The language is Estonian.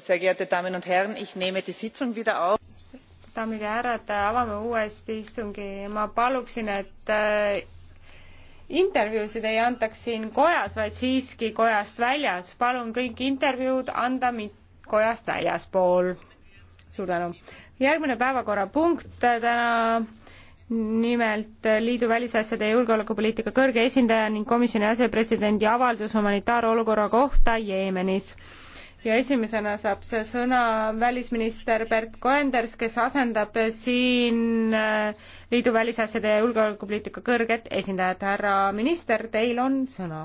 sehr geehrte Damen und Herren, ich nehme die Sitzung wieder auf. daamid ja härrad, avame uuesti istungi. ma paluksin, et äh, intervjuusid ei antaks siin kojas, vaid siiski kojast väljas. palun kõik intervjuud anda kojast väljaspool. suur tänu. järgmine päevakorrapunkt äh, täna nimelt äh, liidu välisasjade ja julgeolekupoliitika kõrge esindaja ning komisjoni asepresidendi avaldus humanitaarolukorra kohta jeemenis ja esimesena saab see sõna välisminister Bert Koenders, kes asendab siin äh, liidu välisasjade ja julgeolekupoliitika kõrget esindajat. härra minister, teil on sõna